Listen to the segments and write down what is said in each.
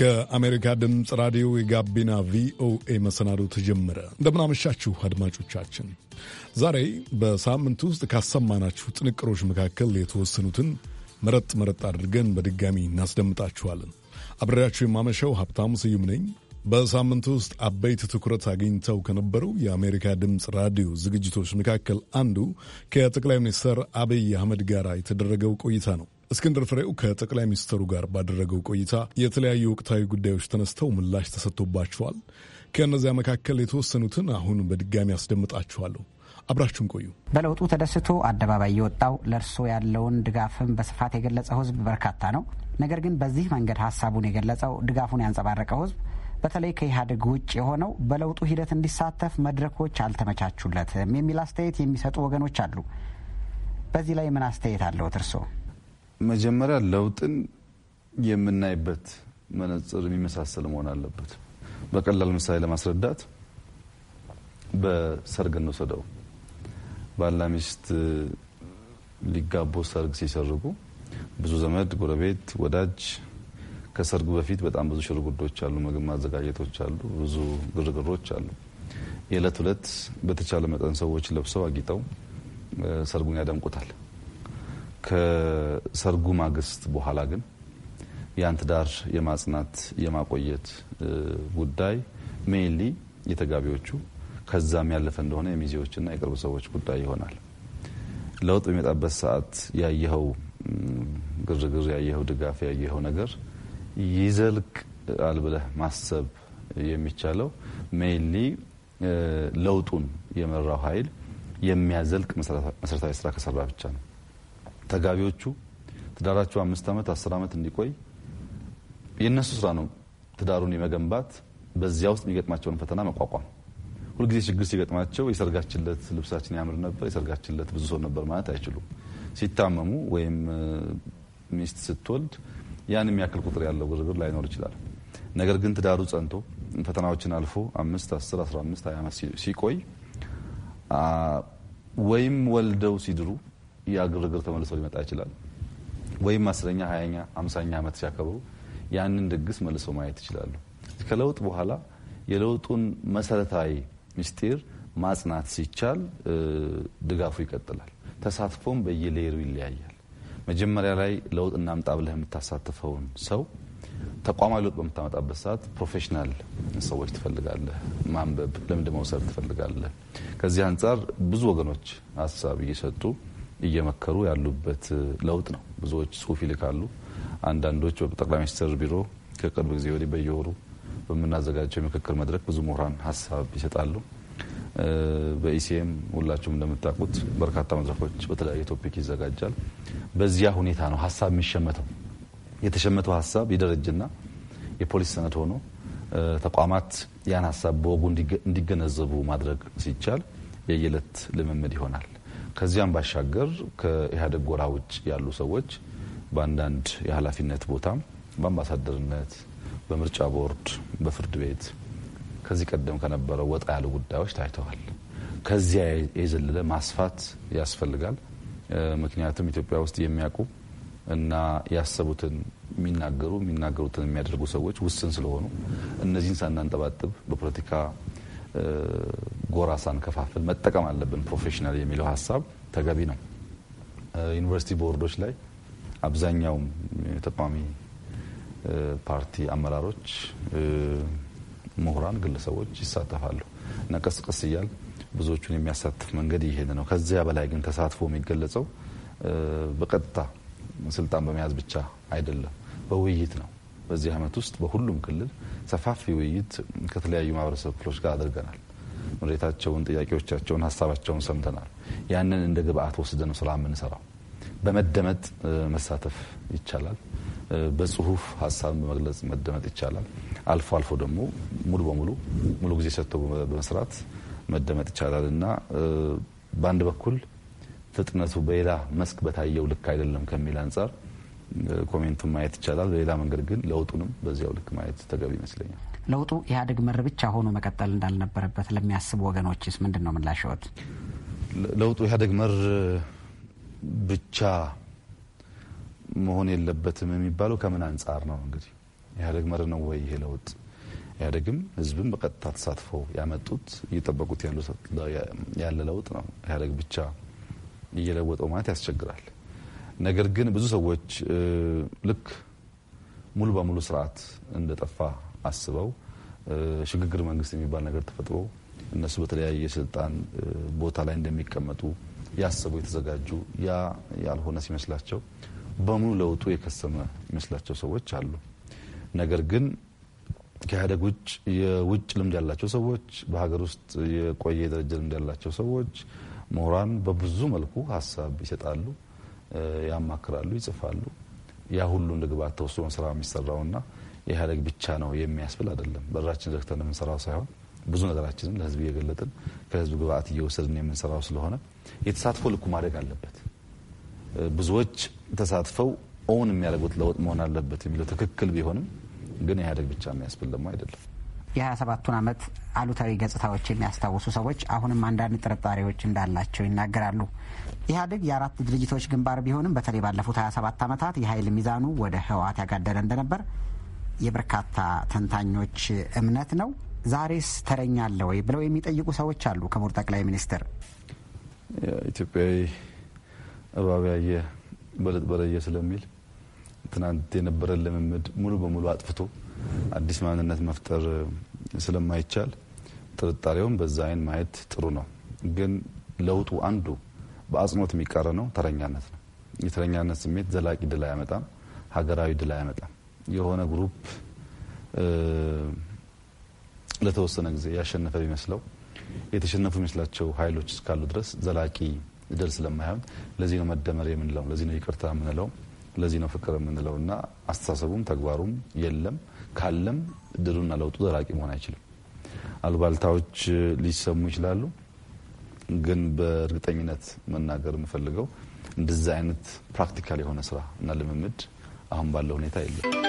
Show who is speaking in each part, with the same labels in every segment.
Speaker 1: ከአሜሪካ ድምፅ ራዲዮ የጋቢና ቪኦኤ መሰናዶ ተጀመረ። እንደምናመሻችሁ አድማጮቻችን። ዛሬ በሳምንት ውስጥ ካሰማናችሁ ጥንቅሮች መካከል የተወሰኑትን መረጥ መረጥ አድርገን በድጋሚ እናስደምጣችኋለን። አብሬያችሁ የማመሸው ሀብታሙ ስዩም ነኝ። በሳምንት ውስጥ አበይት ትኩረት አግኝተው ከነበሩ የአሜሪካ ድምፅ ራዲዮ ዝግጅቶች መካከል አንዱ ከጠቅላይ ሚኒስትር አብይ አህመድ ጋር የተደረገው ቆይታ ነው። እስክንድር ፍሬው ከጠቅላይ ሚኒስትሩ ጋር ባደረገው ቆይታ የተለያዩ ወቅታዊ ጉዳዮች ተነስተው ምላሽ ተሰጥቶባቸዋል። ከእነዚያ መካከል የተወሰኑትን አሁን በድጋሚ አስደምጣችኋለሁ። አብራችሁን ቆዩ። በለውጡ ተደስቶ አደባባይ የወጣው ለእርሶ ያለውን ድጋፍም
Speaker 2: በስፋት የገለጸው ህዝብ በርካታ ነው። ነገር ግን በዚህ መንገድ ሀሳቡን የገለጸው ድጋፉን ያንጸባረቀው ህዝብ በተለይ ከኢህአዴግ ውጭ የሆነው በለውጡ ሂደት እንዲሳተፍ መድረኮች አልተመቻቹለትም የሚል አስተያየት የሚሰጡ ወገኖች አሉ። በዚህ ላይ ምን አስተያየት አለዎት እርስዎ?
Speaker 3: መጀመሪያ ለውጥን የምናይበት መነጽር የሚመሳሰል መሆን አለበት። በቀላል ምሳሌ ለማስረዳት በሰርግ እንውሰደው። ባልና ሚስት ሊጋቡ ሰርግ ሲሰርጉ ብዙ ዘመድ፣ ጎረቤት፣ ወዳጅ ከሰርጉ በፊት በጣም ብዙ ሽርጉዶች አሉ፣ ምግብ ማዘጋጀቶች አሉ፣ ብዙ ግርግሮች አሉ። የዕለት ዕለት በተቻለ መጠን ሰዎች ለብሰው አጊጠው ሰርጉን ያደምቁታል። ከሰርጉ ማግስት በኋላ ግን ያን ትዳር የማጽናት የማቆየት ጉዳይ ሜንሊ የተጋቢዎቹ ከዛም ያለፈ እንደሆነ የሚዜዎችና የቅርብ ሰዎች ጉዳይ ይሆናል። ለውጥ በሚመጣበት ሰዓት ያየኸው ግርግር፣ ያየኸው ድጋፍ፣ ያየኸው ነገር ይዘልቅ አልብለህ ማሰብ የሚቻለው ሜንሊ ለውጡን የመራው ኃይል የሚያዘልቅ መሰረታዊ ስራ ከሰራ ብቻ ነው። ተጋቢዎቹ ትዳራቸው አምስት ዓመት አስር ዓመት እንዲቆይ የእነሱ ስራ ነው። ትዳሩን የመገንባት በዚያ ውስጥ የሚገጥማቸውን ፈተና መቋቋም። ሁልጊዜ ችግር ሲገጥማቸው የሰርጋችን ልብሳችን ያምር ነበር፣ የሰርጋችን ብዙ ሰው ነበር ማለት አይችሉም። ሲታመሙ ወይም ሚስት ስትወልድ ያን የሚያክል ቁጥር ያለው ግርግር ላይኖር ይችላል። ነገር ግን ትዳሩ ጸንቶ ፈተናዎችን አልፎ አምስት አስር አስራ አምስት ሀያ ዓመት ሲቆይ ወይም ወልደው ሲድሩ ያ ግርግር ተመልሶ ሊመጣ ይችላል። ወይም አስረኛ ሀያኛ አምሳኛ ዓመት ሲያከብሩ ያንን ድግስ መልሶ ማየት ይችላሉ። ከለውጥ በኋላ የለውጡን መሰረታዊ ምስጢር ማጽናት ሲቻል ድጋፉ ይቀጥላል። ተሳትፎም በየሌሩ ይለያያል። መጀመሪያ ላይ ለውጥ እናምጣ ብለህ የምታሳትፈውን ሰው ተቋማዊ ለውጥ በምታመጣበት ሰዓት ፕሮፌሽናል ሰዎች ትፈልጋለህ። ማንበብ፣ ልምድ መውሰድ ትፈልጋለህ። ከዚህ አንጻር ብዙ ወገኖች ሀሳብ እየሰጡ እየመከሩ ያሉበት ለውጥ ነው። ብዙዎች ጽሁፍ ይልካሉ። አንዳንዶች በጠቅላይ ሚኒስትር ቢሮ ከቅርብ ጊዜ ወዲህ በየወሩ በምናዘጋጀው የምክክር መድረክ ብዙ ምሁራን ሀሳብ ይሰጣሉ። በኢሲኤም ሁላችሁም እንደምታውቁት በርካታ መድረኮች በተለያየ ቶፒክ ይዘጋጃል። በዚያ ሁኔታ ነው ሀሳብ የሚሸመተው። የተሸመተው ሀሳብ ይደረጅና የፖሊስ ሰነድ ሆኖ ተቋማት ያን ሀሳብ በወጉ እንዲገነዘቡ ማድረግ ሲቻል የየዕለት ልምምድ ይሆናል። ከዚያም ባሻገር ከኢህአዴግ ጎራ ውጭ ያሉ ሰዎች በአንዳንድ የኃላፊነት ቦታ በአምባሳደርነት፣ በምርጫ ቦርድ፣ በፍርድ ቤት ከዚህ ቀደም ከነበረው ወጣ ያሉ ጉዳዮች ታይተዋል። ከዚያ የዘለለ ማስፋት ያስፈልጋል። ምክንያቱም ኢትዮጵያ ውስጥ የሚያውቁ እና ያሰቡትን የሚናገሩ የሚናገሩትን የሚያደርጉ ሰዎች ውስን ስለሆኑ እነዚህን ሳናንጠባጥብ በፖለቲካ ጎራ ሳንከፋፍል መጠቀም አለብን። ፕሮፌሽናል የሚለው ሀሳብ ተገቢ ነው። ዩኒቨርሲቲ ቦርዶች ላይ አብዛኛውም የተቃዋሚ ፓርቲ አመራሮች፣ ምሁራን፣ ግለሰቦች ይሳተፋሉ እና እያል ብዙዎቹን የሚያሳትፍ መንገድ ይሄን ነው። ከዚያ በላይ ግን ተሳትፎ የሚገለጸው በቀጥታ ስልጣን በመያዝ ብቻ አይደለም፣ በውይይት ነው። በዚህ አመት ውስጥ በሁሉም ክልል ሰፋፊ ውይይት ከተለያዩ ማህበረሰብ ክፍሎች ጋር አድርገናል። ምሬታቸውን፣ ጥያቄዎቻቸውን፣ ሀሳባቸውን ሰምተናል። ያንን እንደ ግብአት ወስደን ስራ የምንሰራው በመደመጥ መሳተፍ ይቻላል። በጽሁፍ ሀሳብ በመግለጽ መደመጥ ይቻላል። አልፎ አልፎ ደግሞ ሙሉ በሙሉ ሙሉ ጊዜ ሰጥቶ በመስራት መደመጥ ይቻላል እና በአንድ በኩል ፍጥነቱ በሌላ መስክ በታየው ልክ አይደለም ከሚል አንጻር ኮሜንቱን ማየት ይቻላል። በሌላ መንገድ ግን ለውጡንም በዚያው ልክ ማየት ተገቢ ይመስለኛል።
Speaker 2: ለውጡ ኢህአዴግ መር ብቻ ሆኖ መቀጠል እንዳልነበረበት ለሚያስቡ ወገኖችስ ምንድን ነው ምላሽዎት?
Speaker 3: ለውጡ ኢህአዴግ መር ብቻ መሆን የለበትም የሚባለው ከምን አንጻር ነው? እንግዲህ ኢህአዴግ መር ነው ወይ ይሄ ለውጥ? ኢህአዴግም ህዝብም በቀጥታ ተሳትፎ ያመጡት እየጠበቁት ያለ ለውጥ ነው። ኢህአዴግ ብቻ እየለወጠው ማለት ያስቸግራል። ነገር ግን ብዙ ሰዎች ልክ ሙሉ በሙሉ ስርዓት እንደጠፋ አስበው ሽግግር መንግስት የሚባል ነገር ተፈጥሮ እነሱ በተለያየ ስልጣን ቦታ ላይ እንደሚቀመጡ ያስቡ የተዘጋጁ ያ ያልሆነ ሲመስላቸው በሙሉ ለውጡ የከሰመ የሚመስላቸው ሰዎች አሉ። ነገር ግን ከኢህአዴግ ውጭ የውጭ ልምድ ያላቸው ሰዎች፣ በሀገር ውስጥ የቆየ ደረጃ ልምድ ያላቸው ሰዎች፣ ምሁራን በብዙ መልኩ ሀሳብ ይሰጣሉ፣ ያማክራሉ፣ ይጽፋሉ። ያ ሁሉ እንደ ግብዓት ተወስዶ ስራ የሚሰራውና ኢህአዴግ ብቻ ነው የሚያስብል አይደለም። በራችን ዘግተን የምንሰራው ሳይሆን ብዙ ነገራችንም ለህዝብ እየገለጥን ከህዝብ ግብአት እየወሰድን የምንሰራው ስለሆነ የተሳትፎ ልኩ ማደግ አለበት። ብዙዎች ተሳትፈው ኦውን የሚያደርጉት ለውጥ መሆን አለበት የሚለው ትክክል ቢሆንም ግን ኢህአዴግ ብቻ የሚያስብል ደግሞ አይደለም።
Speaker 2: 27 ሰባቱን ዓመት አሉታዊ ገጽታዎች የሚያስታውሱ ሰዎች አሁንም አንዳንድ ጥርጣሬዎች እንዳላቸው ይናገራሉ። ኢህአዴግ የአራት ድርጅቶች ግንባር ቢሆንም በተለይ ባለፉት 27 ሰባት ዓመታት የኃይል ሚዛኑ ወደ ህወሓት ያጋደለ እንደነበር የበርካታ ተንታኞች እምነት ነው። ዛሬስ ተረኛ አለ ወይ ብለው የሚጠይቁ ሰዎች አሉ። ክቡር ጠቅላይ ሚኒስትር
Speaker 3: ኢትዮጵያዊ እባብ ያየ በለጥ በለየ ስለሚል ትናንት የነበረን ልምምድ ሙሉ በሙሉ አጥፍቶ አዲስ ማንነት መፍጠር ስለማይቻል ጥርጣሬውን በዛ አይን ማየት ጥሩ ነው። ግን ለውጡ አንዱ በአጽንኦት የሚቃረነው ተረኛነት ነው። የተረኛነት ስሜት ዘላቂ ድል አያመጣም፣ ሀገራዊ ድል አያመጣም። የሆነ ግሩፕ ለተወሰነ ጊዜ ያሸነፈ ቢመስለው የተሸነፉ ይመስላቸው ኃይሎች እስካሉ ድረስ ዘላቂ ድል ስለማይሆን ለዚህ ነው መደመር የምንለው፣ ለዚህ ነው ይቅርታ የምንለው፣ ለዚህ ነው ፍቅር የምንለው እና አስተሳሰቡም ተግባሩም የለም። ካለም ድሉና ለውጡ ዘላቂ መሆን አይችልም። አሉባልታዎች ሊሰሙ ይችላሉ። ግን በእርግጠኝነት መናገር የምፈልገው እንደዚህ አይነት ፕራክቲካል የሆነ ስራ እና ልምምድ አሁን ባለው ሁኔታ የለም።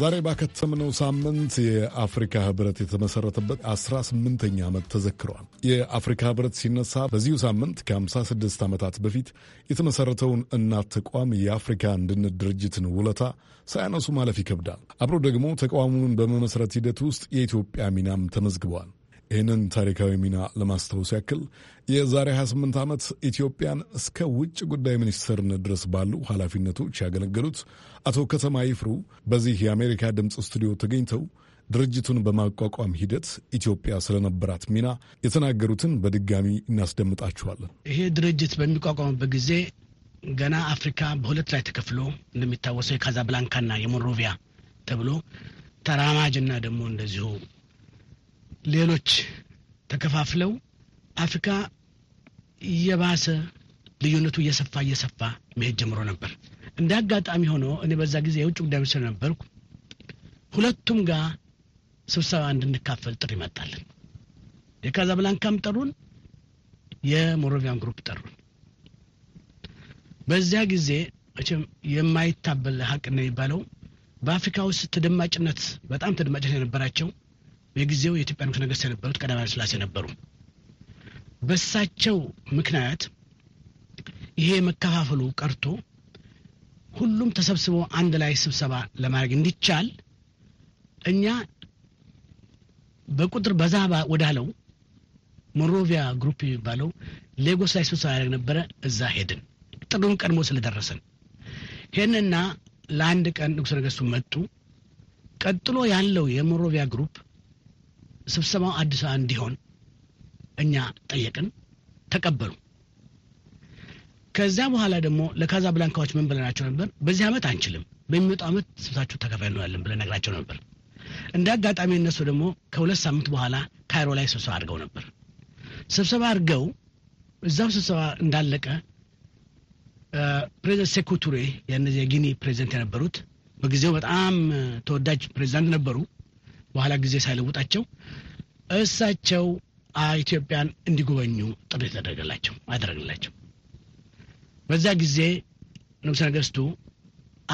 Speaker 1: ዛሬ ባከተምነው ሳምንት የአፍሪካ ህብረት የተመሰረተበት 18ኛ ዓመት ተዘክሯል። የአፍሪካ ህብረት ሲነሳ በዚሁ ሳምንት ከ56 ዓመታት በፊት የተመሰረተውን እናት ተቋም የአፍሪካ አንድነት ድርጅትን ውለታ ሳያነሱ ማለፍ ይከብዳል። አብሮ ደግሞ ተቋሙን በመመስረት ሂደት ውስጥ የኢትዮጵያ ሚናም ተመዝግበዋል። ይህንን ታሪካዊ ሚና ለማስታወስ ያክል የዛሬ 28 ዓመት ኢትዮጵያን እስከ ውጭ ጉዳይ ሚኒስትርነት ድረስ ባሉ ኃላፊነቶች ያገለገሉት አቶ ከተማ ይፍሩ በዚህ የአሜሪካ ድምፅ ስቱዲዮ ተገኝተው ድርጅቱን በማቋቋም ሂደት ኢትዮጵያ ስለነበራት ሚና የተናገሩትን በድጋሚ እናስደምጣችኋለን።
Speaker 2: ይሄ ድርጅት በሚቋቋምበት ጊዜ ገና አፍሪካ በሁለት ላይ ተከፍሎ እንደሚታወሰው የካዛብላንካና የሞንሮቪያ ተብሎ ተራማጅና ደግሞ እንደዚሁ ሌሎች ተከፋፍለው አፍሪካ እየባሰ ልዩነቱ እየሰፋ እየሰፋ መሄድ ጀምሮ ነበር። እንደ አጋጣሚ ሆኖ እኔ በዛ ጊዜ የውጭ ጉዳይ ሚኒስትር ነበርኩ። ሁለቱም ጋር ስብሰባ እንድንካፈል ጥሪ ይመጣለን። የካዛብላንካም ጠሩን፣ የሞሮቪያን ግሩፕ ጠሩን። በዚያ ጊዜ መቼም የማይታበል ሀቅ ነው የሚባለው በአፍሪካ ውስጥ ተደማጭነት በጣም ተደማጭነት የነበራቸው በጊዜው የኢትዮጵያ ንጉሠ ነገሥት የነበሩት ቀዳማዊ ኃይለ ሥላሴ ነበሩ። በሳቸው ምክንያት ይሄ መከፋፈሉ ቀርቶ ሁሉም ተሰብስቦ አንድ ላይ ስብሰባ ለማድረግ እንዲቻል እኛ በቁጥር በዛ ወዳለው ሞሮቪያ ግሩፕ የሚባለው ሌጎስ ላይ ስብሰባ ያደረግ ነበረ። እዛ ሄድን፣ ጥሩን ቀድሞ ስለደረሰን ሄንና ለአንድ ቀን ንጉሠ ነገሥቱ መጡ። ቀጥሎ ያለው የሞሮቪያ ግሩፕ ስብሰባው አዲስ አበባ እንዲሆን እኛ ጠየቅን፣ ተቀበሉ። ከዚያ በኋላ ደግሞ ለካዛ ብላንካዎች ምን ብለናቸው ነበር? በዚህ ዓመት አንችልም፣ በሚመጣው ዓመት ስብሳችሁ ተከፋይ እንሆናለን ብለን ነግራቸው ነበር። እንደ አጋጣሚ እነሱ ደግሞ ከሁለት ሳምንት በኋላ ካይሮ ላይ ስብሰባ አድርገው ነበር። ስብሰባ አድርገው እዛው ስብሰባ እንዳለቀ ፕሬዚደንት ሴኩቱሬ የእነዚህ የጊኒ ፕሬዚደንት የነበሩት በጊዜው በጣም ተወዳጅ ፕሬዚዳንት ነበሩ። በኋላ ጊዜ ሳይለውጣቸው እሳቸው ኢትዮጵያን እንዲጎበኙ ጥሪ ተደረገላቸው አደረግላቸው። በዛ ጊዜ ንጉሠ ነገሥቱ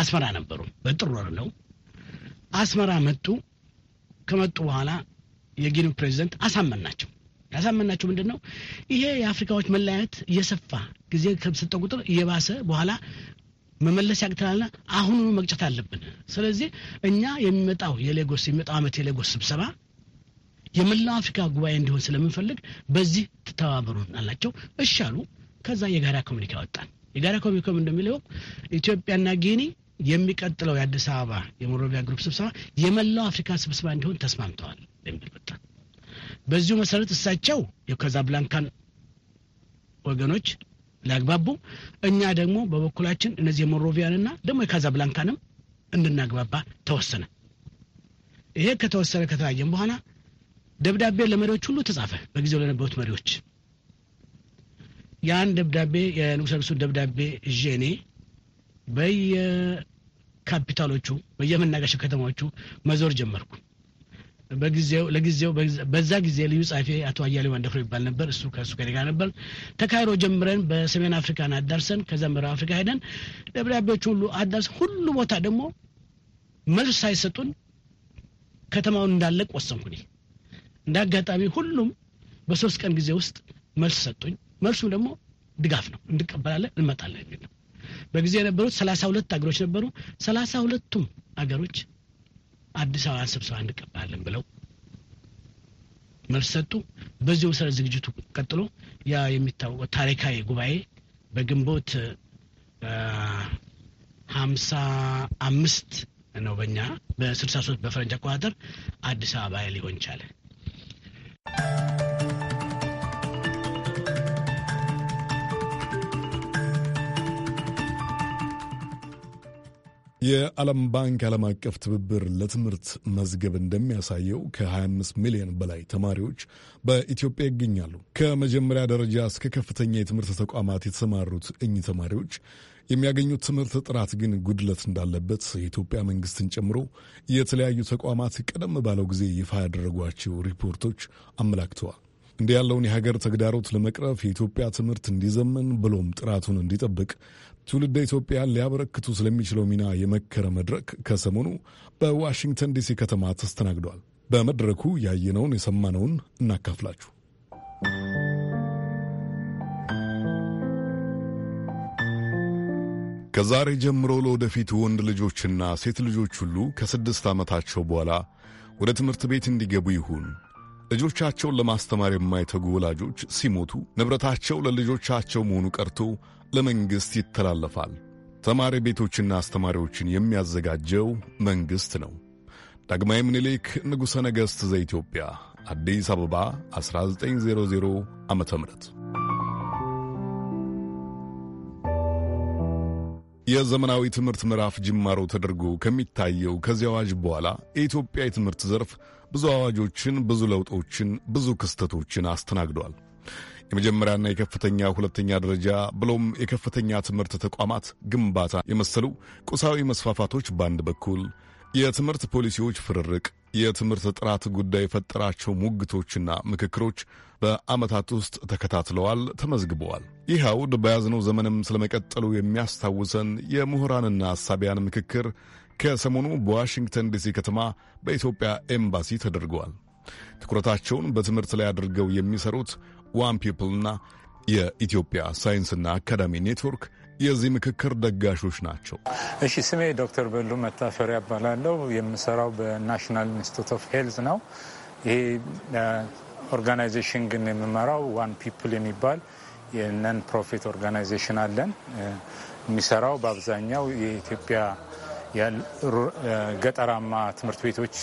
Speaker 2: አስመራ ነበሩ። በጥር ወር ነው አስመራ መጡ። ከመጡ በኋላ የጊኒ ፕሬዚደንት አሳመናቸው። ያሳመናቸው ምንድን ነው? ይሄ የአፍሪካዎች መለያየት እየሰፋ ጊዜ ከሰጠው ቁጥር እየባሰ በኋላ መመለስ ያግተናልና አሁኑኑ መግጨት አለብን። ስለዚህ እኛ የሚመጣው የሌጎስ የሚመጣው ዓመት የሌጎስ ስብሰባ የመላው አፍሪካ ጉባኤ እንዲሆን ስለምንፈልግ በዚህ ትተባበሩን አላቸው። እሺ አሉ። ከዛ የጋራ ኮሚኒኬ ወጣን። የጋራ ኮሚኒኬ እንደሚለው ኢትዮጵያና ጊኒ የሚቀጥለው የአዲስ አበባ የሞሮቪያ ግሩፕ ስብሰባ የመላው አፍሪካ ስብሰባ እንዲሆን ተስማምተዋል የሚል ወጣ። በዚሁ መሰረት እሳቸው የካዛብላንካን ወገኖች ሊያግባቡ፣ እኛ ደግሞ በበኩላችን እነዚህ የሞሮቪያንና ደግሞ የካዛብላንካንም እንድናግባባ ተወሰነ። ይሄ ከተወሰነ ከተለያየም በኋላ ደብዳቤ ለመሪዎች ሁሉ ተጻፈ። በጊዜው ለነበሩት መሪዎች ያን ደብዳቤ የንጉሠ ነገሥቱን ደብዳቤ ዤኔ በየካፒታሎቹ በየመናገሻ ከተማዎቹ መዞር ጀመርኩ። በጊዜው ለጊዜው በዛ ጊዜ ልዩ ጸሐፊ አቶ አያሌው ወንደፍሮ ይባል ነበር። እሱ ከእሱ ጋር ነበር። ተካይሮ ጀምረን በሰሜን አፍሪካን አዳርሰን ከዛ ምዕራብ አፍሪካ ሄደን ደብዳቤዎች ሁሉ አዳርሰን ሁሉ ቦታ ደግሞ መልስ ሳይሰጡን ከተማውን እንዳለቅ ወሰንኩኝ። እንደ አጋጣሚ ሁሉም በሶስት ቀን ጊዜ ውስጥ መልስ ሰጡኝ። መልሱም ደግሞ ድጋፍ ነው፣ እንቀበላለን፣ እንመጣለን የሚል ነው። በጊዜ የነበሩት ሰላሳ ሁለት አገሮች ነበሩ። ሰላሳ ሁለቱም አገሮች አዲስ አበባ ስብሰባ እንቀባለን ብለው መልስ ሰጡ። በዚሁ መሰረት ዝግጅቱ ቀጥሎ ያ የሚታወቀው ታሪካዊ ጉባኤ በግንቦት ሀምሳ አምስት ነው በእኛ በስልሳ ሶስት በፈረንጅ አቆጣጠር አዲስ አበባ ሊሆን ይቻላል።
Speaker 1: የዓለም ባንክ ዓለም አቀፍ ትብብር ለትምህርት መዝገብ እንደሚያሳየው ከ25 ሚሊዮን በላይ ተማሪዎች በኢትዮጵያ ይገኛሉ። ከመጀመሪያ ደረጃ እስከ ከፍተኛ የትምህርት ተቋማት የተሰማሩት እኚህ ተማሪዎች የሚያገኙት ትምህርት ጥራት ግን ጉድለት እንዳለበት የኢትዮጵያ መንግስትን ጨምሮ የተለያዩ ተቋማት ቀደም ባለው ጊዜ ይፋ ያደረጓቸው ሪፖርቶች አመላክተዋል። እንዲህ ያለውን የሀገር ተግዳሮት ለመቅረፍ የኢትዮጵያ ትምህርት እንዲዘመን ብሎም ጥራቱን እንዲጠብቅ ትውልደ ኢትዮጵያን ሊያበረክቱ ስለሚችለው ሚና የመከረ መድረክ ከሰሞኑ በዋሽንግተን ዲሲ ከተማ ተስተናግዷል። በመድረኩ ያየነውን የሰማነውን እናካፍላችሁ። ከዛሬ ጀምሮ ለወደፊት ወንድ ልጆችና ሴት ልጆች ሁሉ ከስድስት ዓመታቸው በኋላ ወደ ትምህርት ቤት እንዲገቡ ይሁን። ልጆቻቸውን ለማስተማር የማይተጉ ወላጆች ሲሞቱ ንብረታቸው ለልጆቻቸው መሆኑ ቀርቶ ለመንግሥት ይተላለፋል። ተማሪ ቤቶችና አስተማሪዎችን የሚያዘጋጀው መንግሥት ነው። ዳግማዊ ምኒልክ ንጉሠ ነገሥት ዘኢትዮጵያ አዲስ አበባ 1900 ዓ ም የዘመናዊ ትምህርት ምዕራፍ ጅማሮ ተደርጎ ከሚታየው ከዚህ አዋጅ በኋላ የኢትዮጵያ የትምህርት ዘርፍ ብዙ አዋጆችን፣ ብዙ ለውጦችን፣ ብዙ ክስተቶችን አስተናግዷል። የመጀመሪያና የከፍተኛ ሁለተኛ ደረጃ ብሎም የከፍተኛ ትምህርት ተቋማት ግንባታ የመሰሉ ቁሳዊ መስፋፋቶች በአንድ በኩል የትምህርት ፖሊሲዎች ፍርርቅ፣ የትምህርት ጥራት ጉዳይ የፈጠራቸው ሙግቶችና ምክክሮች በዓመታት ውስጥ ተከታትለዋል፣ ተመዝግበዋል። ይህ አውድ በያዝነው ዘመንም ስለመቀጠሉ የሚያስታውሰን የምሁራንና አሳቢያን ምክክር ከሰሞኑ በዋሽንግተን ዲሲ ከተማ በኢትዮጵያ ኤምባሲ ተደርገዋል። ትኩረታቸውን በትምህርት ላይ አድርገው የሚሰሩት ዋን ፒፕልና የኢትዮጵያ ሳይንስና አካዳሚ ኔትወርክ የዚህ ምክክር ደጋሾች ናቸው።
Speaker 4: እሺ፣ ስሜ ዶክተር
Speaker 5: በሉ መታፈሪያ እባላለሁ። የምሰራው በናሽናል ኢንስቲትዩት ኦፍ ሄልዝ ነው። ይሄ
Speaker 1: uh, ኦርጋናይዜሽን ግን የምመራው ዋን ፒፕል የሚባል የነን ፕሮፊት ኦርጋናይዜሽን አለን። uh, የሚሰራው በአብዛኛው የኢትዮጵያ uh, ገጠራማ ትምህርት ቤቶች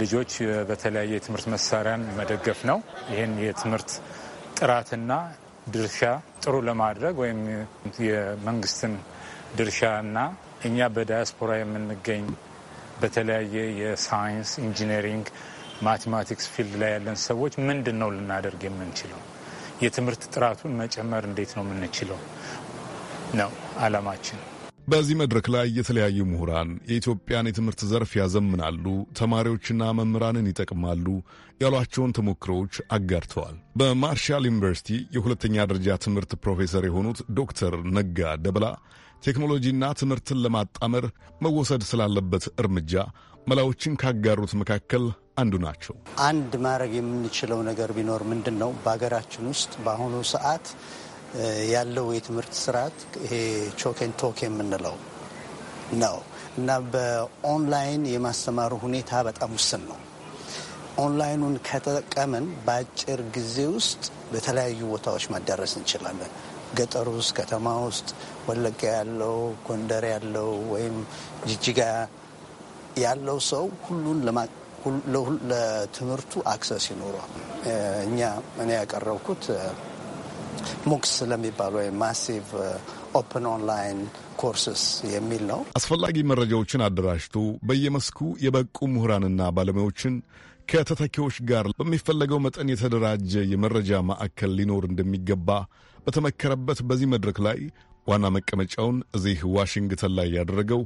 Speaker 1: ልጆች በተለያየ የትምህርት መሳሪያን መደገፍ ነው። ይህን የትምህርት ጥራትና ድርሻ
Speaker 5: ጥሩ ለማድረግ ወይም የመንግስትን ድርሻና እኛ በዳያስፖራ የምንገኝ በተለያየ የሳይንስ ኢንጂነሪንግ፣ ማቴማቲክስ
Speaker 4: ፊልድ ላይ ያለን ሰዎች ምንድን ነው ልናደርግ የምንችለው? የትምህርት ጥራቱን መጨመር እንዴት ነው የምንችለው? ነው አላማችን።
Speaker 1: በዚህ መድረክ ላይ የተለያዩ ምሁራን የኢትዮጵያን የትምህርት ዘርፍ ያዘምናሉ፣ ተማሪዎችና መምህራንን ይጠቅማሉ ያሏቸውን ተሞክሮዎች አጋርተዋል። በማርሻል ዩኒቨርሲቲ የሁለተኛ ደረጃ ትምህርት ፕሮፌሰር የሆኑት ዶክተር ነጋ ደብላ ቴክኖሎጂና ትምህርትን ለማጣመር መወሰድ ስላለበት እርምጃ መላዎችን ካጋሩት መካከል አንዱ ናቸው።
Speaker 5: አንድ ማድረግ የምንችለው ነገር ቢኖር ምንድን ነው? በሀገራችን ውስጥ በአሁኑ ሰዓት ያለው የትምህርት ስርዓት ይሄ ቾኬን ቶክ የምንለው ነው እና በኦንላይን የማስተማሩ ሁኔታ በጣም ውስን ነው። ኦንላይኑን ከተጠቀምን በአጭር ጊዜ ውስጥ በተለያዩ ቦታዎች ማዳረስ እንችላለን። ገጠር ውስጥ፣ ከተማ ውስጥ፣ ወለጋ ያለው፣ ጎንደር ያለው ወይም ጅጅጋ ያለው ሰው ሁሉን ለትምህርቱ አክሰስ ይኖረዋል። እኛ እኔ ያቀረብኩት ሙክስ ለሚባል ወይም ማሲቭ ኦፕን ኦንላይን ኮርስስ የሚል ነው።
Speaker 1: አስፈላጊ መረጃዎችን አደራጅቶ በየመስኩ የበቁ ምሁራንና ባለሙያዎችን ከተተኪዎች ጋር በሚፈለገው መጠን የተደራጀ የመረጃ ማዕከል ሊኖር እንደሚገባ በተመከረበት በዚህ መድረክ ላይ ዋና መቀመጫውን እዚህ ዋሽንግተን ላይ ያደረገው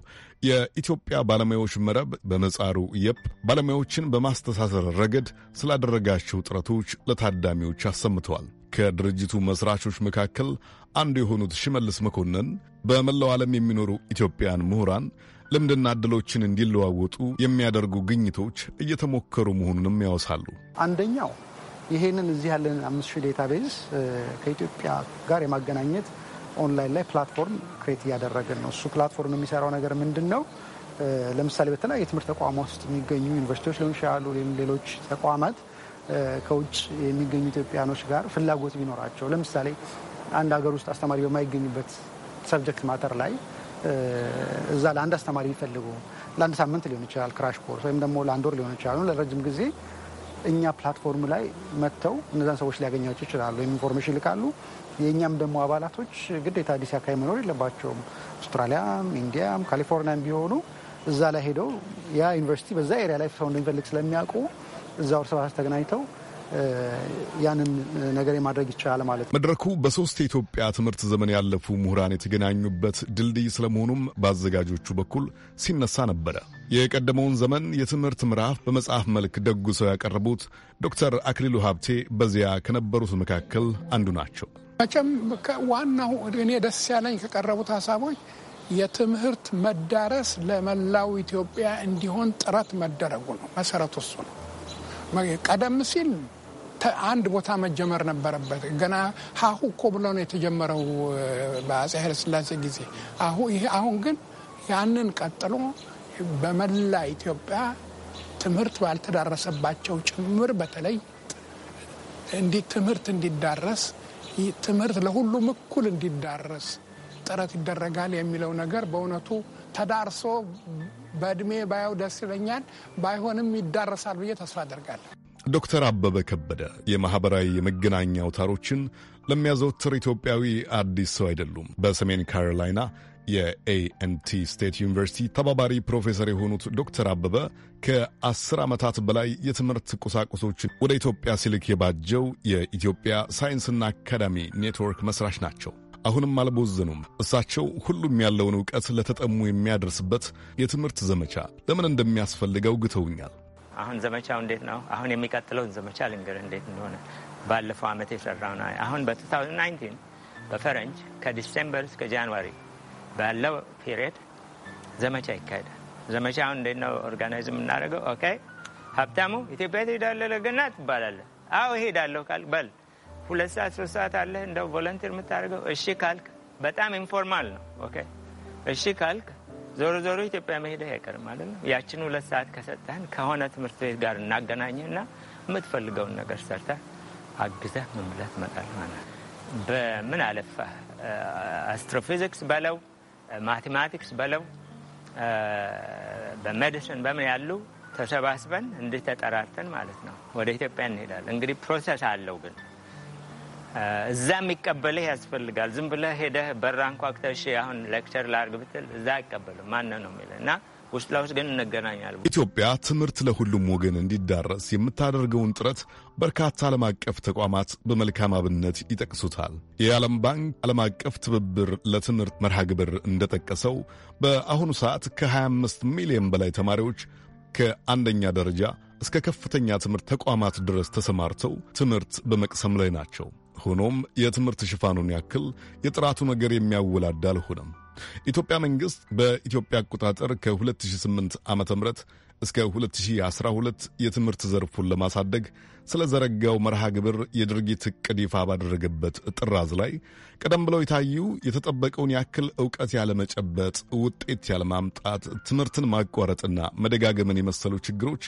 Speaker 1: የኢትዮጵያ ባለሙያዎች መረብ በመጻሩ የፕ ባለሙያዎችን በማስተሳሰር ረገድ ስላደረጋቸው ጥረቶች ለታዳሚዎች አሰምተዋል። ከድርጅቱ መስራቾች መካከል አንዱ የሆኑት ሽመልስ መኮንን በመላው ዓለም የሚኖሩ ኢትዮጵያን ምሁራን ልምድና ዕድሎችን እንዲለዋወጡ የሚያደርጉ ግኝቶች እየተሞከሩ መሆኑንም ያወሳሉ።
Speaker 6: አንደኛው ይሄንን እዚህ ያለን አምስት ሺህ ዴታቤዝ ከኢትዮጵያ ጋር የማገናኘት ኦንላይን ላይ ፕላትፎርም ክሬት እያደረግን ነው። እሱ ፕላትፎርም የሚሰራው ነገር ምንድን ነው? ለምሳሌ በተለያየ ትምህርት ተቋማት ውስጥ የሚገኙ ዩኒቨርሲቲዎች ሊሆን ይችላሉ፣ ሌሎች ተቋማት ከውጭ የሚገኙ ኢትዮጵያኖች ጋር ፍላጎት ቢኖራቸው ለምሳሌ አንድ ሀገር ውስጥ አስተማሪ በማይገኝበት ሰብጀክት ማተር ላይ እዛ ለአንድ አስተማሪ የሚፈልጉ ለአንድ ሳምንት ሊሆን ይችላል ክራሽ ኮርስ ወይም ደግሞ ለአንድ ወር ሊሆን ይችላል ለረጅም ጊዜ እኛ ፕላትፎርም ላይ መጥተው እነዛን ሰዎች ሊያገኛቸው ይችላሉ። ኢንፎርሜሽን ይልካሉ። የእኛም ደግሞ አባላቶች ግዴታ አዲስ አካባቢ መኖር የለባቸውም። አውስትራሊያም፣ ኢንዲያም፣ ካሊፎርኒያም ቢሆኑ እዛ ላይ ሄደው ያ ዩኒቨርሲቲ በዛ ኤሪያ ላይ ሰው እንደሚፈልግ ስለሚያውቁ እዛው እርስ በርስ ተገናኝተው ያንን ነገር የማድረግ ይቻላል ማለት ነው።
Speaker 1: መድረኩ በሶስት የኢትዮጵያ ትምህርት ዘመን ያለፉ ምሁራን የተገናኙበት ድልድይ ስለመሆኑም በአዘጋጆቹ በኩል ሲነሳ ነበረ። የቀደመውን ዘመን የትምህርት ምዕራፍ በመጽሐፍ መልክ ደጉ ሰው ያቀረቡት ዶክተር አክሊሉ ሀብቴ በዚያ ከነበሩት መካከል አንዱ ናቸው። መቼም ዋናው እኔ ደስ ያለኝ ከቀረቡት ሀሳቦች የትምህርት መዳረስ ለመላው ኢትዮጵያ እንዲሆን ጥረት መደረጉ ነው። መሰረቱ እሱ ነው። ቀደም ሲል አንድ ቦታ መጀመር ነበረበት። ገና ሀሁ እኮ ብሎ ነው የተጀመረው በአጼ ኃይለስላሴ ጊዜ። አሁ ይሄ አሁን ግን ያንን ቀጥሎ በመላ ኢትዮጵያ ትምህርት ባልተዳረሰባቸው ጭምር በተለይ እንዲህ ትምህርት እንዲዳረስ ትምህርት ለሁሉም እኩል እንዲዳረስ ጥረት ይደረጋል የሚለው ነገር በእውነቱ ተዳርሶ በእድሜ ባየው ደስ ይለኛል፣ ባይሆንም ይዳረሳል ብዬ ተስፋ አደርጋለሁ። ዶክተር አበበ ከበደ የማኅበራዊ የመገናኛ አውታሮችን ለሚያዘወትር ኢትዮጵያዊ አዲስ ሰው አይደሉም። በሰሜን ካሮላይና የኤኤንቲ ስቴት ዩኒቨርሲቲ ተባባሪ ፕሮፌሰር የሆኑት ዶክተር አበበ ከአስር ዓመታት በላይ የትምህርት ቁሳቁሶችን ወደ ኢትዮጵያ ሲልክ የባጀው የኢትዮጵያ ሳይንስና አካዳሚ ኔትወርክ መስራች ናቸው። አሁንም አልቦዘኑም። እሳቸው ሁሉም ያለውን እውቀት ለተጠሙ የሚያደርስበት የትምህርት ዘመቻ ለምን እንደሚያስፈልገው ግተውኛል።
Speaker 4: አሁን ዘመቻው እንዴት ነው? አሁን የሚቀጥለውን ዘመቻ ልንገር እንዴት እንደሆነ። ባለፈው ዓመት የሰራው የሰራውን አሁን በ2019 በፈረንጅ ከዲሴምበር እስከ ጃንዋሪ ባለው ፒሪየድ ዘመቻ ይካሄዳል። ዘመቻውን እንዴት ነው ኦርጋናይዝ የምናደርገው? ኦኬ ሀብታሙ ኢትዮጵያ ትሄዳለህ ለገና ትባላለህ። አዎ እሄዳለሁ ቃል በል ሁለት ሰዓት ሶስት ሰዓት አለ እንደው ቮለንቲር የምታደርገው እሺ ካልክ በጣም ኢንፎርማል ነው። ኦኬ እሺ ካልክ ዞሮ ዞሮ ኢትዮጵያ መሄደ አይቀርም ማለት ነው። ያችን ሁለት ሰዓት ከሰጠህን ከሆነ ትምህርት ቤት ጋር እናገናኘና የምትፈልገውን ነገር ሰርተህ አግዘህ ምን መጣል ማለት በምን አለፋህ አስትሮፊዚክስ በለው ማቴማቲክስ በለው በሜዲሲን በምን ያሉ ተሰባስበን እንዲህ ተጠራርተን ማለት ነው ወደ ኢትዮጵያ እንሄዳለን። እንግዲህ ፕሮሰስ አለው ግን እዛ የሚቀበልህ ያስፈልጋል። ዝም ብለህ ሄደህ ክተሽ አሁን ሌክቸር ላርግ ብትል እዛ አይቀበሉ ማነ ነው የሚል እና ውስጥ ለውስጥ ግን እንገናኛለን።
Speaker 1: ኢትዮጵያ ትምህርት ለሁሉም ወገን እንዲዳረስ የምታደርገውን ጥረት በርካታ ዓለም አቀፍ ተቋማት በመልካም አብነት ይጠቅሱታል። የዓለም ባንክ ዓለም አቀፍ ትብብር ለትምህርት መርሃ ግብር እንደጠቀሰው በአሁኑ ሰዓት ከ25 ሚሊዮን በላይ ተማሪዎች ከአንደኛ ደረጃ እስከ ከፍተኛ ትምህርት ተቋማት ድረስ ተሰማርተው ትምህርት በመቅሰም ላይ ናቸው። ሆኖም የትምህርት ሽፋኑን ያክል የጥራቱ ነገር የሚያወላድ አልሆነም። ኢትዮጵያ መንግሥት በኢትዮጵያ አቆጣጠር ከ2008 ዓ ም እስከ 2012 የትምህርት ዘርፉን ለማሳደግ ስለ ዘረጋው መርሃ ግብር የድርጊት ዕቅድ ይፋ ባደረገበት ጥራዝ ላይ ቀደም ብለው የታዩ የተጠበቀውን ያክል ዕውቀት ያለመጨበጥ፣ ውጤት ያለማምጣት፣ ትምህርትን ማቋረጥና መደጋገምን የመሰሉ ችግሮች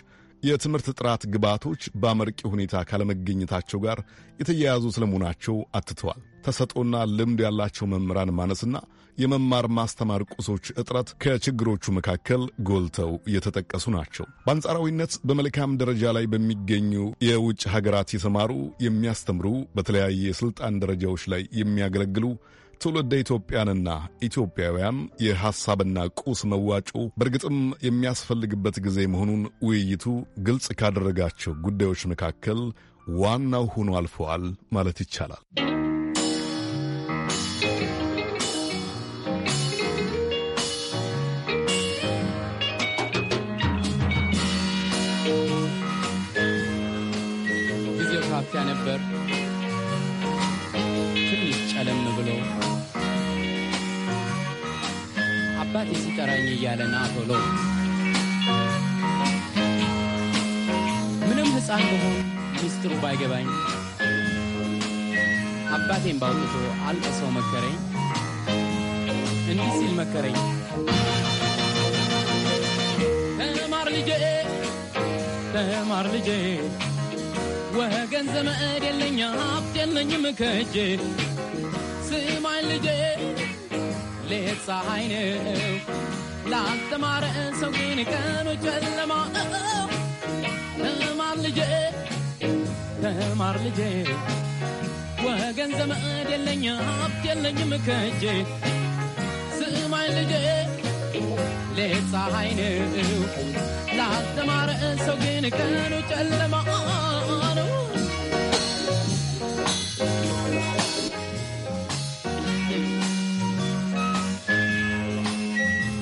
Speaker 1: የትምህርት ጥራት ግብዓቶች በአመርቂ ሁኔታ ካለመገኘታቸው ጋር የተያያዙ ስለመሆናቸው አትተዋል። ተሰጦና ልምድ ያላቸው መምህራን ማነስና የመማር ማስተማር ቁሶች እጥረት ከችግሮቹ መካከል ጎልተው የተጠቀሱ ናቸው። በአንጻራዊነት በመልካም ደረጃ ላይ በሚገኙ የውጭ ሀገራት የተማሩ የሚያስተምሩ፣ በተለያየ የስልጣን ደረጃዎች ላይ የሚያገለግሉ ትውልደ ኢትዮጵያንና ኢትዮጵያውያን የሐሳብና ቁስ መዋጮ በእርግጥም የሚያስፈልግበት ጊዜ መሆኑን ውይይቱ ግልጽ ካደረጋቸው ጉዳዮች መካከል ዋናው ሆኖ አልፈዋል ማለት ይቻላል።
Speaker 5: ፊዚዮትራፒያ ነበር። አባቴ ሲጠራኝ እያለ ና ቶሎ ምንም ሕፃን በሆን ሚስጥሩ ባይገባኝ አባቴን ባውጥቶ አልቅሰው መከረኝ። እንዲህ ሲል መከረኝ፣ ተማር ልጄ፣ ተማር ልጄ፣ ወገን ዘመድ የለኝ ሀብት የለኝም ከእጄ። ልጄ ሌት ፀሐይ ነው ላስተማረን ሰው ግን ቀኑ ጨለማ ነው። ተማር ልጄ ተማር ልጄ ወገን ዘመድ የለኝ ሀብት የለኝም ከጄ ስማኝ ልጄ ሌት ፀሐይ ነው ላስተማረን ሰው ግን ቀኑ ጨለማ ነው።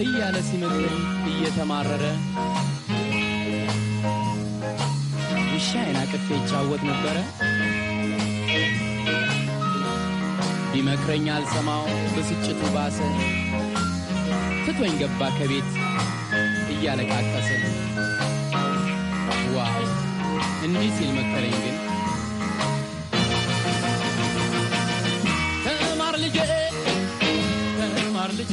Speaker 5: እያለ ሲምልኝ እየተማረረ ውሻዬን አቅፌ ይጫወት ነበረ። ቢመክረኝ አልሰማው ብስጭቱ ባሰ። ትቶኝ ገባ ከቤት እያለቃቀሰ። ዋው እንዲህ ሲል መከረኝ ግን ተማር ልጄ ተማር ልጄ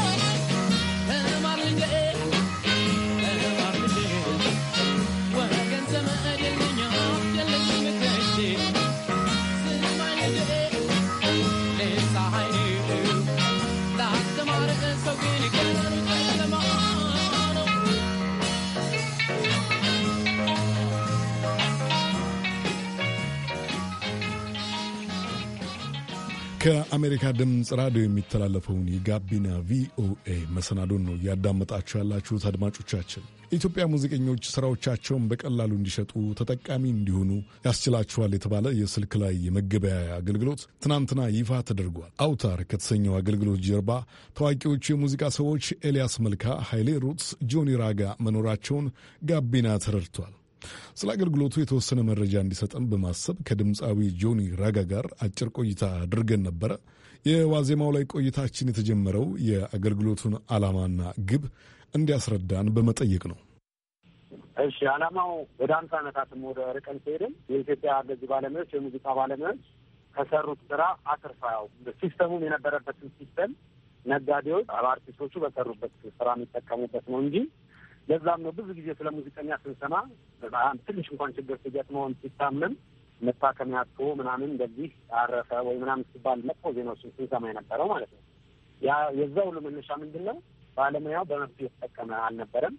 Speaker 1: ከአሜሪካ ድምፅ ራዲዮ የሚተላለፈውን የጋቢና ቪኦኤ መሰናዶን ነው እያዳመጣችሁ ያላችሁት። አድማጮቻችን ኢትዮጵያ ሙዚቀኞች ስራዎቻቸውን በቀላሉ እንዲሸጡ ተጠቃሚ እንዲሆኑ ያስችላችኋል የተባለ የስልክ ላይ የመገበያያ አገልግሎት ትናንትና ይፋ ተደርጓል። አውታር ከተሰኘው አገልግሎት ጀርባ ታዋቂዎቹ የሙዚቃ ሰዎች ኤልያስ መልካ፣ ኃይሌ ሩትስ፣ ጆኒ ራጋ መኖራቸውን ጋቢና ተረድቷል። ስለ አገልግሎቱ የተወሰነ መረጃ እንዲሰጠን በማሰብ ከድምፃዊ ጆኒ ራጋ ጋር አጭር ቆይታ አድርገን ነበረ። የዋዜማው ላይ ቆይታችን የተጀመረው የአገልግሎቱን ዓላማና ግብ እንዲያስረዳን በመጠየቅ ነው።
Speaker 6: እሺ፣ ዓላማው ወደ አምሳ ዓመታትም ወደ ርቀን ሲሄድም የኢትዮጵያ ገዚ ባለሙያዎች የሙዚቃ ባለሙያዎች ከሰሩት ስራ አትርፋው ሲስተሙን የነበረበትን ሲስተም ነጋዴዎች አርቲስቶቹ በሰሩበት ስራ የሚጠቀሙበት ነው እንጂ ለዛም ነው ብዙ ጊዜ ስለ ሙዚቀኛ ስንሰማ ትንሽ እንኳን ችግር ሲገጥመውን ሲታመም መታከሚያ አጥቶ ምናምን እንደዚህ አረፈ ወይ ምናምን ሲባል መጥፎ ዜናዎችን ስንሰማ የነበረው ማለት ነው። ያ የዛ ሁሉ መነሻ ምንድን ነው? ባለሙያው በመብት የተጠቀመ አልነበረም።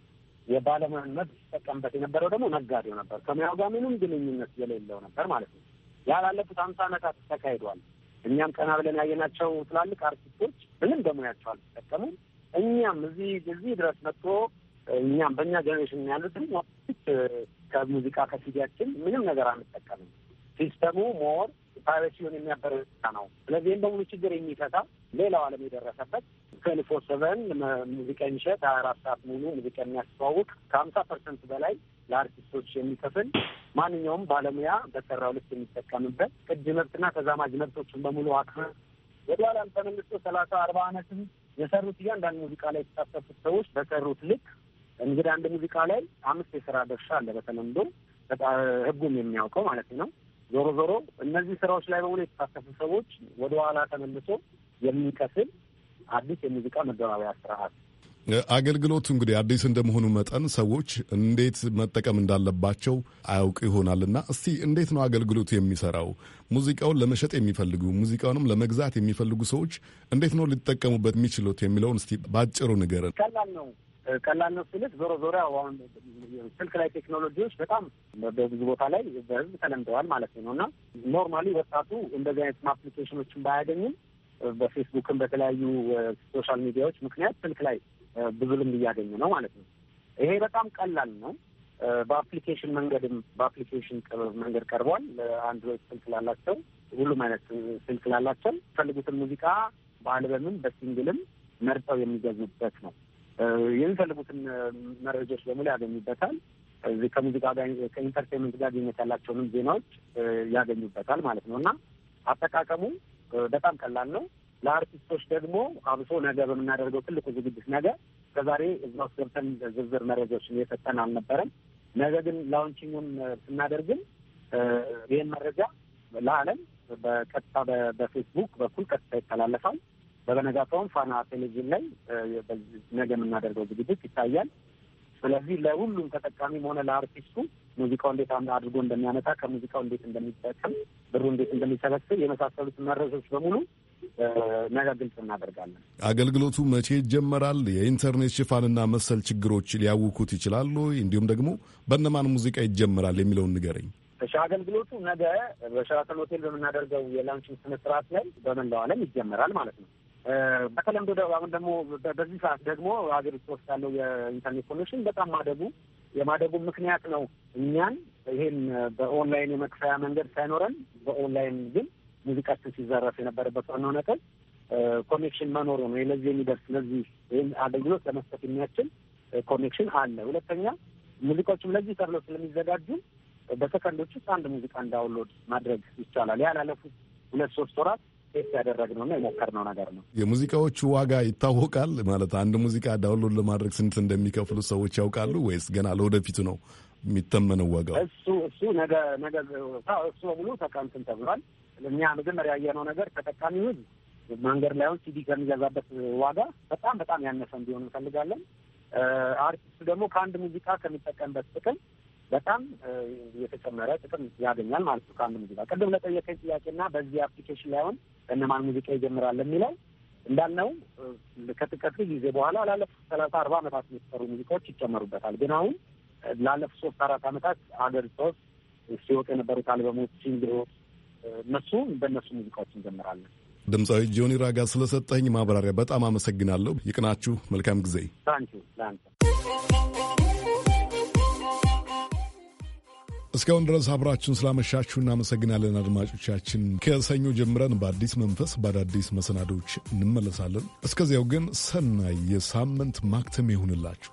Speaker 6: የባለሙያን መብት ሲጠቀምበት የነበረው ደግሞ ነጋዴው ነበር፣ ከሙያው ጋር ምንም ግንኙነት የሌለው ነበር ማለት ነው። ያላለፉት አምሳ ሀምሳ ዓመታት ተካሂዷል። እኛም ቀና ብለን ያየናቸው ትላልቅ አርቲስቶች ምንም በሙያቸው አልተጠቀሙም። እኛም እዚህ እዚህ ድረስ መጥቶ እኛም በእኛ ጀኔሬሽን ያሉት ደግሞ ከሙዚቃ ከሲዲያችን ምንም ነገር አንጠቀምም። ሲስተሙ ሞር ፓይሬሲውን የሚያበረታ ነው። ይህም በሙሉ ችግር የሚፈታ ሌላው ዓለም የደረሰበት ከልፎ ሰቨን ሙዚቃ የሚሸጥ ሀያ አራት ሰዓት ሙሉ ሙዚቃ የሚያስተዋውቅ ከሀምሳ ፐርሰንት በላይ ለአርቲስቶች የሚከፍል ማንኛውም ባለሙያ በሰራው ልክ የሚጠቀምበት ቅጅ መብትና ተዛማጅ መብቶችን በሙሉ አክ ወደኋላም ተመልሶ ሰላሳ አርባ አመትም የሰሩት እያንዳንድ ሙዚቃ ላይ የተሳተፉት ሰዎች በሰሩት ልክ እንግዲህ አንድ ሙዚቃ ላይ አምስት የስራ ድርሻ አለ በተለምዶ ህጉም የሚያውቀው ማለት ነው። ዞሮ ዞሮ እነዚህ ስራዎች ላይ በሆነ የተሳተፉ ሰዎች ወደ ኋላ ተመልሶ የሚከፍል አዲስ የሙዚቃ መገባበያ ስርዓት
Speaker 1: አገልግሎቱ እንግዲህ አዲስ እንደመሆኑ መጠን ሰዎች እንዴት መጠቀም እንዳለባቸው አያውቅ ይሆናልና እስቲ እንዴት ነው አገልግሎቱ የሚሰራው? ሙዚቃውን ለመሸጥ የሚፈልጉ ሙዚቃውንም ለመግዛት የሚፈልጉ ሰዎች እንዴት ነው ሊጠቀሙበት የሚችሉት የሚለውን እስቲ ባጭሩ ንገረን።
Speaker 6: ቀላል ነው። ቀላል ነው ስልህ ዞሮ ዞሮ አሁን ስልክ ላይ ቴክኖሎጂዎች በጣም በብዙ ቦታ ላይ በህዝብ ተለምደዋል ማለት ነው እና ኖርማሊ ወጣቱ እንደዚህ አይነት አፕሊኬሽኖችን ባያገኝም በፌስቡክም በተለያዩ ሶሻል ሚዲያዎች ምክንያት ስልክ ላይ ብዙ ልምድ እያገኘ ነው ማለት ነው። ይሄ በጣም ቀላል ነው። በአፕሊኬሽን መንገድም በአፕሊኬሽን መንገድ ቀርቧል። አንድሮይድ ስልክ ላላቸው፣ ሁሉም አይነት ስልክ ላላቸው የሚፈልጉትን ሙዚቃ በአልበምም በሲንግልም መርጠው የሚገዙበት ነው። የሚፈልጉትን መረጃዎች በሙሉ ያገኙበታል። እዚህ ከሙዚቃ ጋር ከኢንተርቴንመንት ጋር ግንኙነት ያላቸውንም ዜናዎች ያገኙበታል ማለት ነው እና አጠቃቀሙ በጣም ቀላል ነው። ለአርቲስቶች ደግሞ አብሶ ነገ በምናደርገው ትልቁ ዝግጅት ነገ ከዛሬ እዛ ውስጥ ገብተን ዝርዝር መረጃዎችን እየሰጠን አልነበረም። ነገ ግን ላውንቺንጉን ስናደርግም ይህን መረጃ ለዓለም በቀጥታ በፌስቡክ በኩል ቀጥታ ይተላለፋል። በበነጋታውም ፋና ቴሌቪዥን ላይ ነገ የምናደርገው ዝግጅት ይታያል። ስለዚህ ለሁሉም ተጠቃሚም ሆነ ለአርቲስቱ ሙዚቃው እንዴት አድርጎ እንደሚያነታ ከሙዚቃው እንዴት እንደሚጠቅም ብሩ እንዴት እንደሚሰበስብ የመሳሰሉት መረሶች በሙሉ ነገ ግልጽ እናደርጋለን።
Speaker 1: አገልግሎቱ መቼ ይጀመራል? የኢንተርኔት ሽፋንና መሰል ችግሮች ሊያውኩት ይችላሉ። እንዲሁም ደግሞ በእነማን ሙዚቃ ይጀመራል የሚለውን ንገረኝ።
Speaker 6: እሺ፣ አገልግሎቱ ነገ በሸራተን ሆቴል በምናደርገው የላንችን ስነ ላይ በመላው ዓለም ይጀመራል ማለት ነው። በተለምዶ አሁን ደግሞ በዚህ ሰዓት ደግሞ ሀገሪቱ ውስጥ ያለው የኢንተርኔት ኮኔክሽን በጣም ማደጉ የማደጉ ምክንያት ነው እኛን ይህን በኦንላይን የመክፈያ መንገድ ሳይኖረን በኦንላይን ግን ሙዚቃችን ሲዘረፍ የነበረበት ዋናው ነጥብ ኮኔክሽን መኖሩ ነው። ለዚህ የሚደርስ ለዚህ ይህን አገልግሎት ለመስጠት የሚያስችል ኮኔክሽን አለ። ሁለተኛ ሙዚቃዎችም ለዚህ ተብሎ ስለሚዘጋጁ በሰከንዶች ውስጥ አንድ ሙዚቃ እንዳውንሎድ ማድረግ ይቻላል። ያላለፉት ሁለት ሶስት ወራት ቴስት ያደረግነው እና የሞከርነው ነገር ነው።
Speaker 1: የሙዚቃዎቹ ዋጋ ይታወቃል ማለት አንድ ሙዚቃ ዳውንሎድ ለማድረግ ስንት እንደሚከፍሉ ሰዎች ያውቃሉ ወይስ ገና ለወደፊቱ ነው የሚተመነው ዋጋው?
Speaker 6: እሱ እሱ ነገ ነገ እሱ በሙሉ ተቀምትን ተብሏል። እኛ መጀመሪያ ያየነው ነገር ተጠቃሚ ህዝብ መንገድ ላይ ሲዲ ከሚገዛበት ዋጋ በጣም በጣም ያነሰ እንዲሆን እንፈልጋለን። አርቲስቱ ደግሞ ከአንድ ሙዚቃ ከሚጠቀምበት ጥቅም በጣም የተጨመረ ጥቅም ያገኛል ማለት ነው። ከአንድ ሙዚቃ ቅድም ለጠየቀኝ ጥያቄና በዚህ አፕሊኬሽን ላይ አሁን እነማን ሙዚቃ ይጀምራል የሚለው እንዳልነው ከጥቂት ጊዜ በኋላ ላለፉት ሰላሳ አርባ ዓመታት የተሰሩ ሙዚቃዎች ይጨመሩበታል። ግን አሁን ላለፉት ሶስት አራት ዓመታት ሀገር ሶስት ሲወጡ የነበሩት አልበሞች፣ ሲንግሎች እነሱ በእነሱ ሙዚቃዎች እንጀምራለን።
Speaker 1: ድምፃዊ ጆኒ ራጋ ስለሰጠኝ ማብራሪያ በጣም አመሰግናለሁ። ይቅናችሁ። መልካም ጊዜ። ታንኪ ለአንተ እስካሁን ድረስ አብራችሁን ስላመሻችሁ እናመሰግናለን አድማጮቻችን። ከሰኞ ጀምረን በአዲስ መንፈስ በአዳዲስ መሰናዶች እንመለሳለን። እስከዚያው ግን ሰናይ የሳምንት ማክተም ይሁንላችሁ።